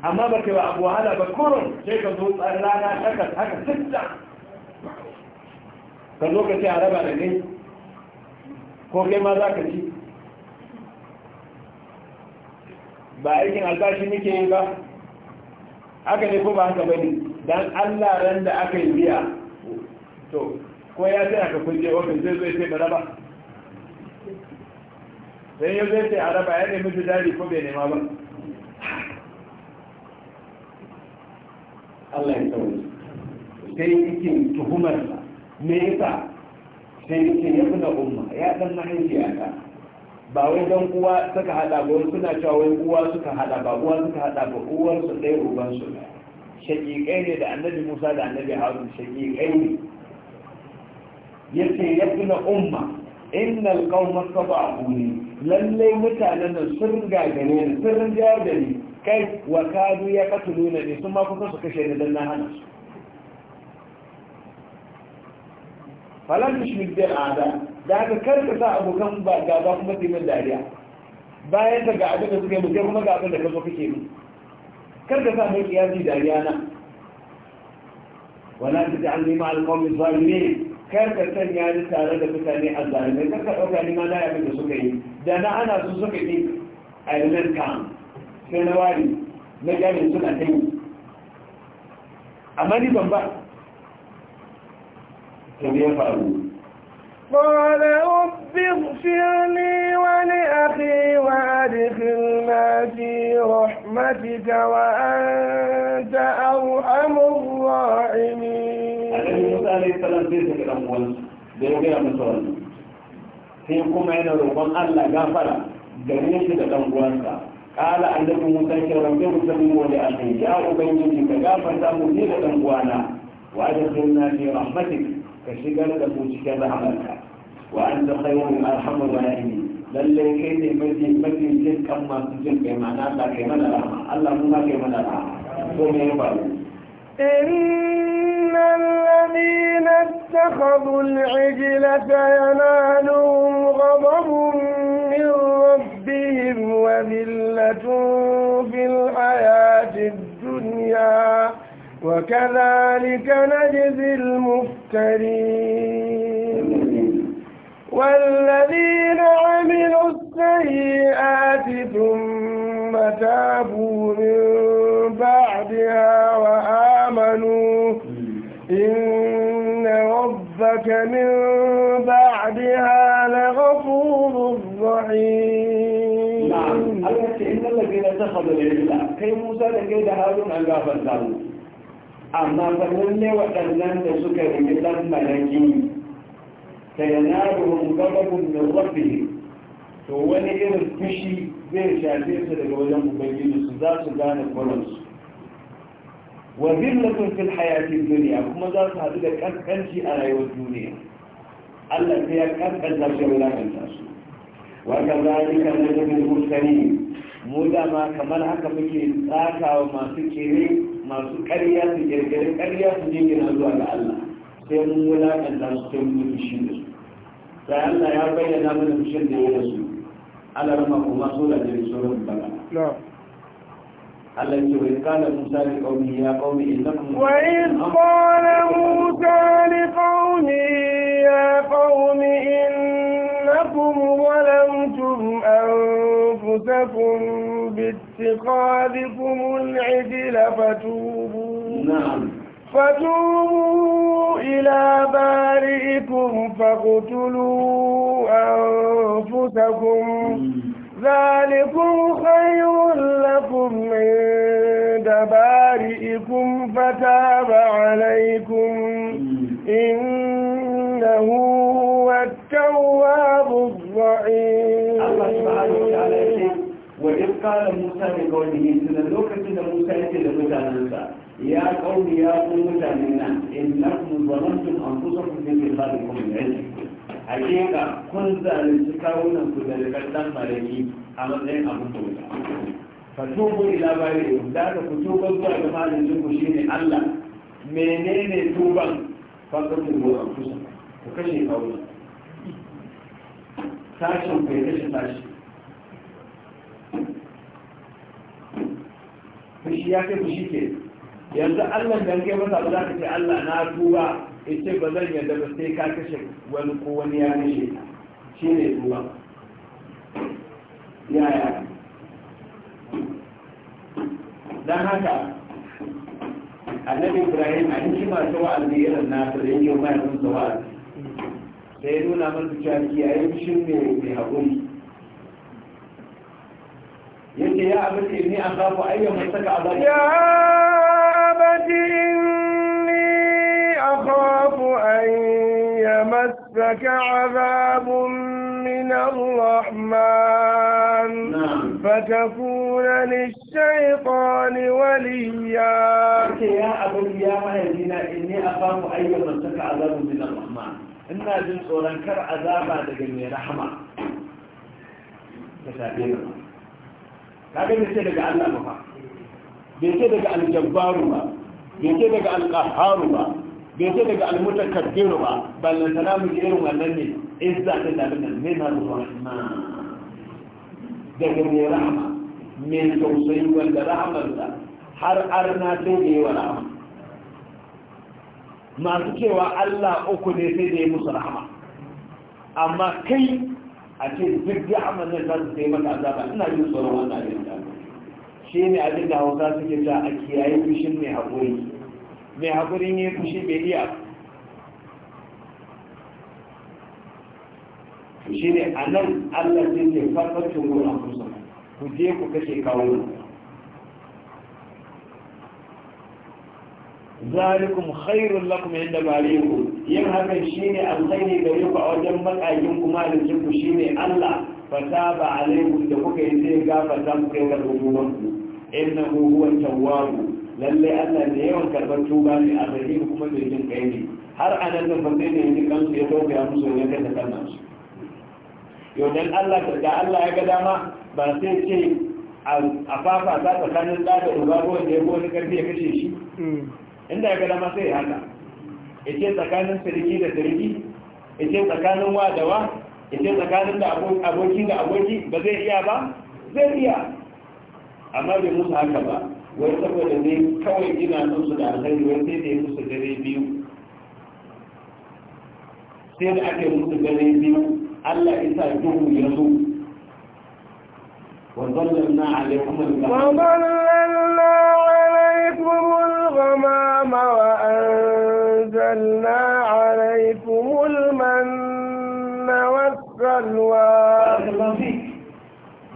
amma ba ke ba abu wahala ba kurun sai ka zo tsara rana haka haka sitta ka zo ka a raba da kai ko kai ma za ka ci ba aikin albashi nike yi ba aka ne ko ba haka bane dan Allah ran da aka yi biya to ko ya sai aka kunje ofin zai zai sai baraba sai ya zai sai raba ya nemi dari ko bai nema ba Allah ya tsawon sai yi tuhumar sa me yasa sai yake ya fi na umma ya dan ta ba wai dan uwa suka hada ba wai suna cewa wai uwa suka hada ba uwa suka hada ba uwar su ɗaya uban su shaƙiƙai ne da annabi musa da annabi harun shaƙiƙai ne yake ya fi na umma innal qauma taba'uni lalle mutanen nan sun gagare ni sun rinjar da ni kai wa kadu ya katuluna ne sun ma kusa su kashe ni dan na hana su falan tushmil bil a'da da haka kar ka sa abokan ba gaba kuma sai min dariya bayan ka ga abin da suka yi mutum kuma ga abin da ka zo kake yi kar ka sa mai kiyasi dariya na wala ta ta'alli ma al-qawmi zalimin kar ka sanya ni tare da mutane a zalimai kar ka ɗauka ni ma na abin da suka yi da na ana su suka yi a yanar kan sai na wari na jami'in suna ta yi amma ni ban ba قال رب اغفر لي ولأخي وأدخلنا في رحمتك وأنت أرحم الراحمين. النبي موسى عليه السلام زي سكر أموال زي غير مسؤول. sai kuma yana roƙon Allah gafara gare shi da ɗan uwansa قال عندكم مسكر ربكم سموا لأخي يا أبنجي فغافر سامو لي لأن وانا وأدخلنا في رحمتك كشكر تبوشك بعملك وأنت خير من أرحم الراحمين بل kai ne مجد mafi jin kan masu jin kai ma'ana ba kai mana rama Allah mu ma kai mana rama إن الذين اتخذوا العجل فينالهم غضب من ربهم وذلة في الحياة الدنيا وكذلك نجزي المفتدين الكريم والذين عملوا السيئات ثم تابوا من بعدها وآمنوا إن ربك من بعدها لغفور رحيم نعم الله إن الذين إلى الله كي موسى لقيت هارون عن غافل amma fa ne waɗannan da suka rigi ɗan malaki ta yana ruhun gababun min rabbi to wani irin fushi zai shafe su daga wajen ubangiji su za su gane kwaransu wa zillatun fil hayatin duniya kuma za su haɗu da ƙanƙanci a rayuwar duniya Allah sai ya ƙanƙanta shi wulaƙanta su wa kazalika najmul mursalin mu da ma kamar haka muke tsakawa masu kere masu karya su kirkiri karya su jingina zuwa ga Allah sai mun da su sai mun fushi da su sai Allah ya bayyana mana fushin da ya da su Allah rama kuma so da jiri sauran bala Allah ce wai kala Musa li qaumi ya qaumi innakum wa in qala Musa li qaumi ya qaumi أنفسكم باتخاذكم العجل فتوبوا نعم فتوبوا إلى بارئكم فاقتلوا أنفسكم ذلكم خير لكم عند بارئكم فتاب عليكم إنه التواب الرحيم الله سبحانه وتعالى يقول وإذ قال موسى لقومه سنذوك سنة موسى يتلى متعنسا يا قوم يا قوم متعننا إنكم ظلمتم أنفسكم في بخاركم العلم حقيقة كن ذلك كاونا كذلك الدم عليه أما زين أبو موسى فتوبوا إلى بارئكم ذاك فتوبوا الله كما لنزلكم شيني الله menene tuban fakatin mu a kusa ku kashe kawai tashin bai rashin tashi fushi ya kai fushi ke yanzu allah da ke masa ba za ka ce allah na tuba in ce ba zan yadda ba sai ka kashe wani ko wani ya kashe shi ne tuba yaya don haka annabi ibrahim a hikima ta wa'azi irin nasa da yake mayar sun wa'azi da ya nuna masa cewa kiyaye bishin mai haƙuri yake ya abin inni an zafi ayyar mai saka azabi ya abati inni akhafu an yamassaka azabun min ar-rahman fatakuna lish-shaytani waliya yake ya abin ya mahaifina inni akhafu ayyar mai saka azabun min ar-rahman ina jin tsoron kar azaba daga mai rahama ta shafe ba kaga bai ce daga Allah ba bai ce daga aljabbaru ba bai ce daga alqaharu ba bai ce daga almutakabbiru ba ballon salamu ke irin wannan ne izza ta da nan mai na rahman daga mai rahama mai tausayi wanda rahamarsa har arna sai da yi wa rahama masu cewa Allah uku ne sai da ya musu rahama amma kai a ce duk da amalin za su sai mata azaba ina yin tsoron wannan abin da shi ne abin da hausa suke ta a kiyaye fushin mai haƙuri mai haƙuri ne fushi bai iya shi ne a nan Allah sai ke farfacin wurin kusa ku je ku kashe kawo zarikun khairun lakum inda malikum yin hakan shine alkhairi da yi a wajen makayin kuma da shi ne Allah da kuka yi ta gafarta yi lalle Allah da yawan karbar tuba ne a kuma da jin har anan da fadai ne kansu ya dauka ya musu da Allah ga dama ba sai tsakanin da ya kashe shi mm. inda ya gada ma sai ya haka tsakanin sirki da sirki ce tsakanin wa da wa ce tsakanin da aboki da aboki ba zai iya ba zai iya amma bai musu haka ba wai saboda ne kawai ina son su da alhari wai sai da ya musu dare biyu sai da aka yi musu dare biyu Allah isa duhu ya zo وظللنا عليكم الغمام وظللنا عليكم الغمام ruwa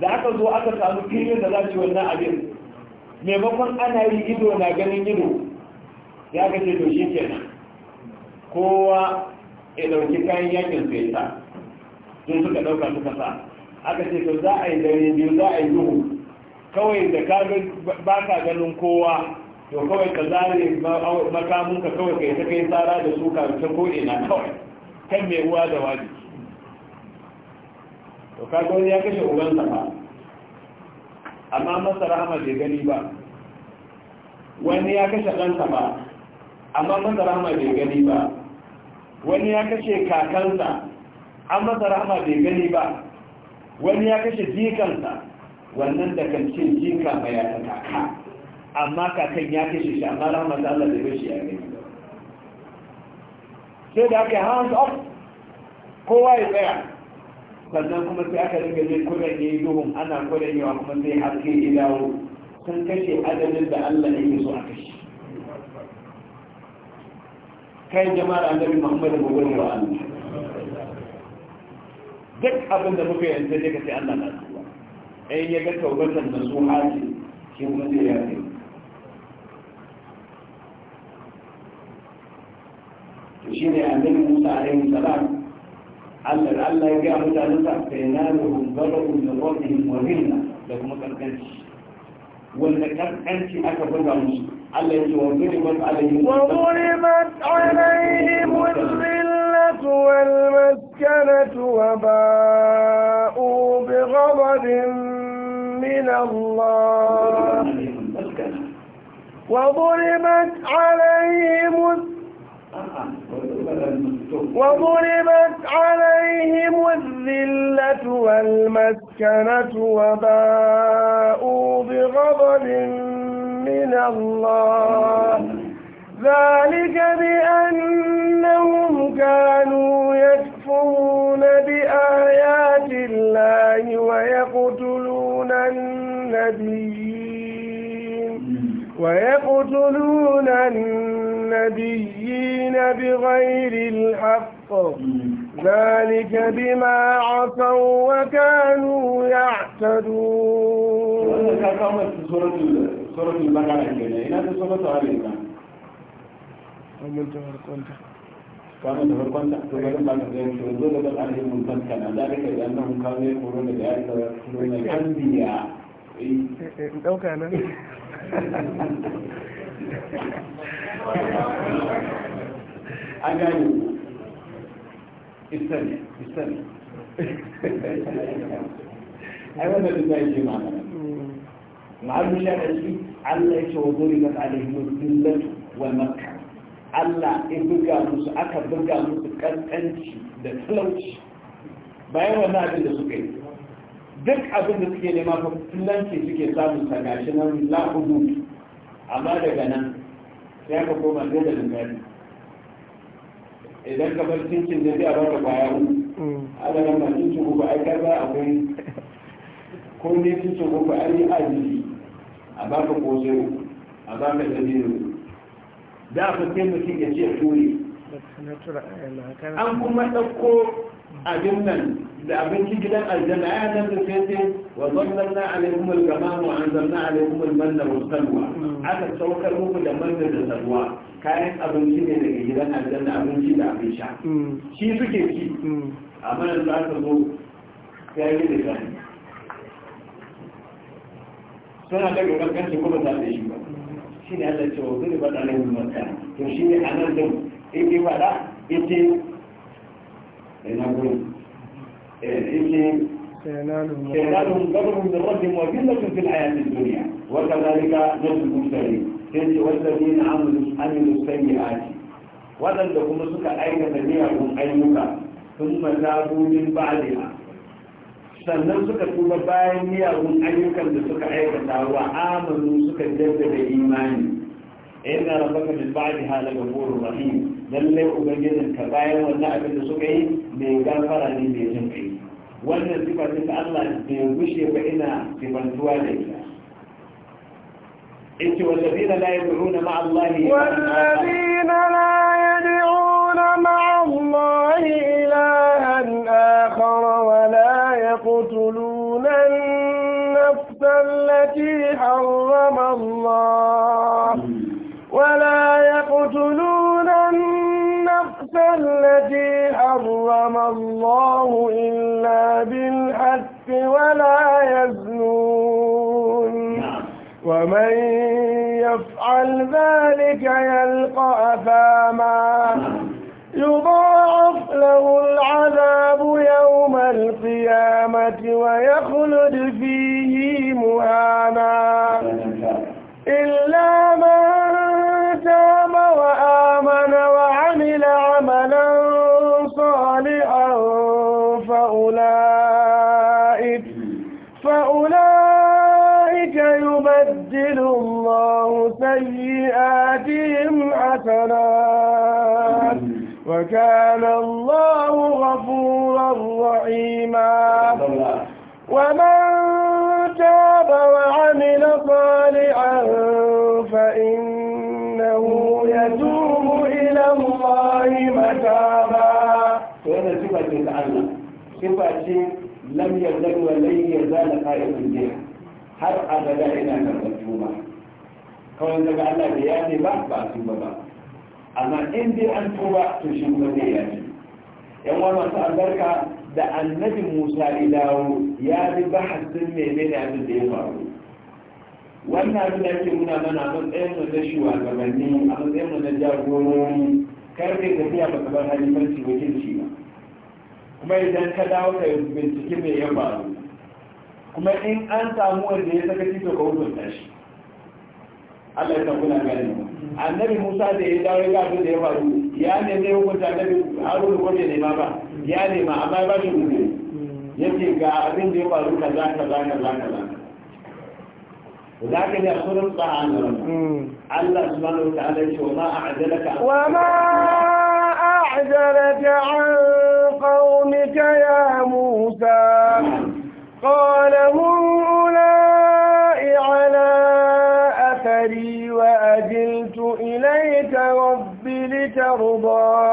da aka zo aka samu filin da za su wannan abin maimakon ana yi ido na ganin ido ya ga ce to shi kenan kowa ya ɗauki kayan yakin sai sa sun suka ɗauka suka sa aka ce to za a yi dare biyu za a yi duhu kawai da ka ba ka ganin kowa to kawai ka zare makamunka kawai ka yi ta kai tsara da suka ta ko'ina kawai kan mai uwa da wajibi to kaga wani ya kashe ubansa ba amma masa rahama bai gani ba wani ya kashe ɗansa ba amma masa rahama bai gani ba wani ya kashe kakansa an masa rahama bai gani ba wani ya kashe jikansa wannan da kan ce jika mai ya ta kaka amma kakan ya kashe shi amma rahama ta Allah bai bashi ya gani sai da aka hands up kowa ya tsaya sannan kuma sai aka riga zai yi duhun ana kuregewa kuma sai haske ya dawo sun kashe adadin da Allah ya yi so a kashe kai jama'ar annabi Muhammad da gobe wa Allah duk abin da muka yanzu daga sai Allah na tuba Ɗan ya ga taubatan da su haji shi kuma zai ya yi Shi ne annabi Musa a alaihi salam قال لعل يجعل تعالى فينالهم بلغ من ربهم وهمنا لو ما كان كانش كان كانش اكبر من قال يتوبني بس عليهم وظلمت عليهم الذلة والمسكنة وباءوا بغضب من الله وظلمت عليهم الذلة وضربت عليهم الذلة والمسكنة وباءوا بغضب من الله ذلك بأنهم كانوا يكفرون بآيات الله ويقتلون النبيين ويقتلون النبي النبيين بغير الحق ذلك بما عصوا وكانوا يعتدون سورة البقرة هنا هنا سورة آل عمران كانوا تفرقون تحت ولم ينزل عليهم المنكر ذلك لأنهم كانوا يقولون بآية ويقولون الأنبياء. أوكي أنا. an gani istani istani ai wannan da zai ce ma'ana ma'alu sha da shi Allah ya ce wa zuri na alaihim dillat wal makka Allah ya buga musu aka buga musu kankanci da talauci bayan wannan abin da suka yi duk abin da suke nema fa filanci suke samun sagashi nan la'udu amma daga nan sai ka koma sai da littafi idan ka bar cincin da zai a baka baya mu ala nan ma cincin ku ba ai ka ba akwai ko ne cincin ku ba yi aji a baka kosai a baka dalilin da a sai mutum ya ce turi eh, an kuma ɗauko abin nan da abinci gidan aljanna ya nan da sai sai wa zallalna alaikum al-gamam wa anzalna alaikum al-manna wa salwa aka saukar muku da manna da salwa kayan abinci ne daga gidan aljanna abinci da abin sha mm. shi suke ci mm. amma za aka zo ya yi da gani suna daga kankanci kuma za ta yi ba shi ne Allah ce wa zuri ba da alaikum al-manna to shi ne a nan din in ba da ita لنقول إعلانهم إيه، قبر من ربهم في الحياة الدنيا وكذلك نفس المشترين كنت والذين عملوا عملوا السيئات ولن لكم سك أين تبيعهم أيمك ثم تابوا من بعدها سنن suka tuba باين miyagun ayyukan da suka أين wa amanu suka jaddada بإيمان إن ربك من بعدها la رحيم lallai ubangijin ka bayan wannan abin da suka yi mai gafara ne mai jin kai wannan sifatin da Allah bai gushe ba ina sifantuwa da ita إنت والذين لا يدعون مع الله والذين لا يدعون مع الله إلها آخر ولا يقتلون النفس التي حرم الله ولا يقتلون التي حرم الله إلا بالحق ولا يزنون نعم. ومن يفعل ذلك يلقى أثاما نعم. يضاعف له العذاب يوم القيامة ويخلد فيه مهانا نعم. إلا من تاب وآمن وعمل عملا صالحا فأولئك فأولئك يبدل الله سيئاتهم حسنات وكان الله غفورا رحيما ومن تاب وعمل صالحا فإن إنه يتوب إلى الله متابا وهذا صفة الله صفة لم يزل ولن يزال قائما بها har abada ina karɓar tuba kawai daga Allah da ya ce ba ba tuba ba amma in dai an tuba to shi kuma zai ya ce yan wani masu albarka da annabi musa ya dawo ya bi bahasin menene abin da ya faru wannan abin da ake nuna mana a matsayin mu na shugabanni a matsayin mu na jagorori kar kai tafiya ba kamar halifarci wakilci ba kuma idan ka dawo ka bincike mai ya faru kuma in an samu wanda ya saka tito ka hukunta shi Allah ya kuna gani annabi Musa da ya dawo ya abin da ya faru ya ne ne hukunta annabi Harun ko ne ma ba ya ne ma amma ba shi hukunci yake ga abin da ya faru kaza kaza kaza kaza ولكن يقول القرآن عن الله سبحانه وتعالى وما أعجلك عن وما أعجلك عن قومك يا موسى قال هم أولئك على أثري وأجلت إليك رب لترضى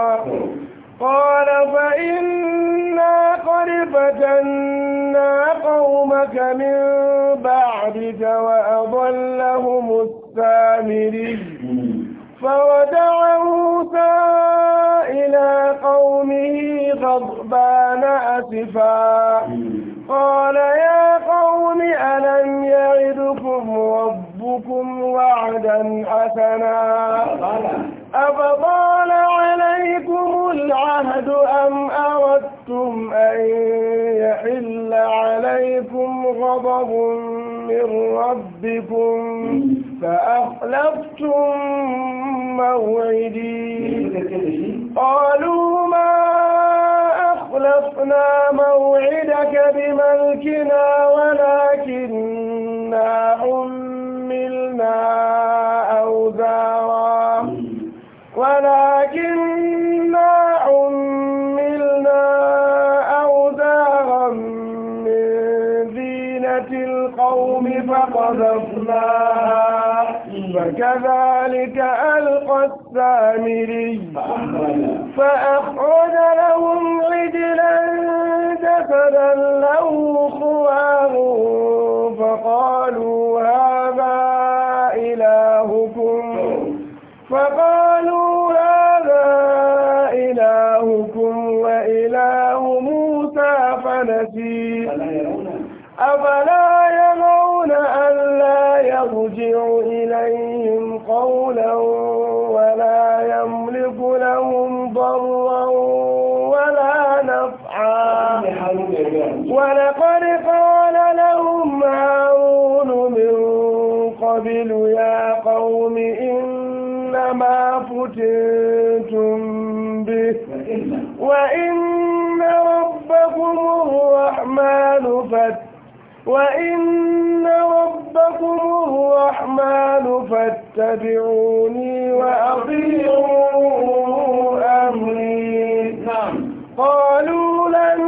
قال فإنا قد فتنا قومك من بعدك وأضلهم السامرين فودع موسى إلى قومه غضبان أسفا قال يا قوم ألم يعدكم ربكم ربكم وعدا حسنا أفضال عليكم العهد أم أردتم أن يحل عليكم غضب من ربكم فأخلفتم موعدي قالوا ما أخلفنا موعدك بملكنا ولكننا حملنا فقذفناها فكذلك ألقى السامري فأخرج لهم عجلا جسدا له خوار فقالوا هذا إلهكم فقالوا هذا إلهكم وإله موسى فنسي أفلا يرجع إليهم قولا ولا يملك لهم ضرا ولا نفعا ولقد قال لهم هارون من قبل يا قوم إنما فتنتم به وإن ربكم الرحمن فاتقوا وإن ربكم الرحمن فاتبعوني وأطيعوا أمري نعم قالوا لن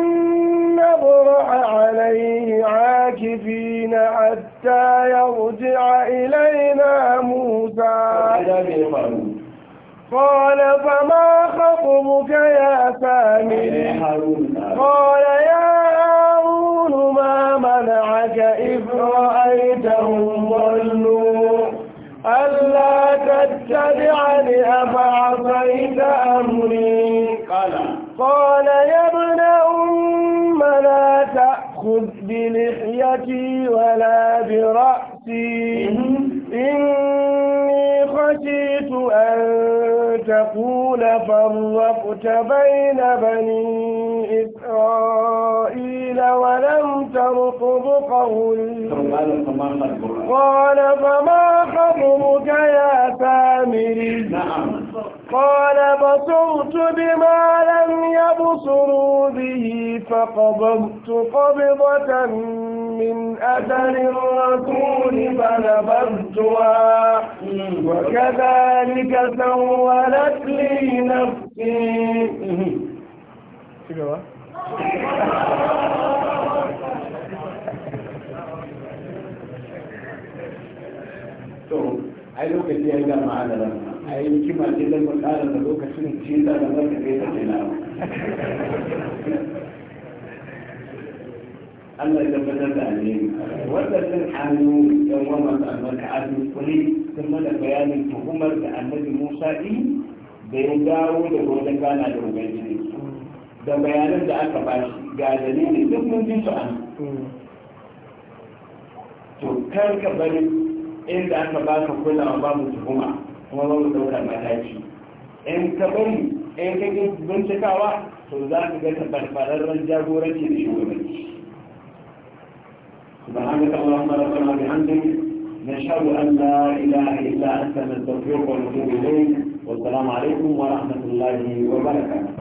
نبرح عليه عاكفين حتى يرجع إلينا موسى قال فما خطبك يا سامري قال يا هارون ما منعك إذ رأيتهم ضلوا ألا تتبعني أفعصيت أمري قال قال يا ابن أم لا تأخذ بلحيتي ولا برأسي تقول فرقت بين بني إسرائيل ولم ترقب قولي قال فما خبرك يا سامري نعم قال بصرت بما لم يبصروا به فقبضت قبضة من أثر الرسول فنبذتها وكذلك سولت لي نفسي to ai lokaci ya gama a yi hikima ce zan makara da lokacin shi da na zaka kai ta jina Allah ya tabbatar da alheri waɗannan hannu ɗan wama da albarka a dukkuli sun mana bayanin tuhumar da annabi Musa ɗin da ya dawo da wajen gana da ubangiji da bayanan da aka ba shi ga dalilin duk mun ji su an to kar ka bari inda aka baka kulawa babu tuhuma kuma ba mu ɗaukar mataki in ka bari in ka yi bincikawa to za ka ga tabbatarren jagoranci da shugabanci سبحانك اللهم ربنا وبحمدك نشهد ان لا اله الا انت نستغفرك ونتوب اليك والسلام عليكم ورحمه الله وبركاته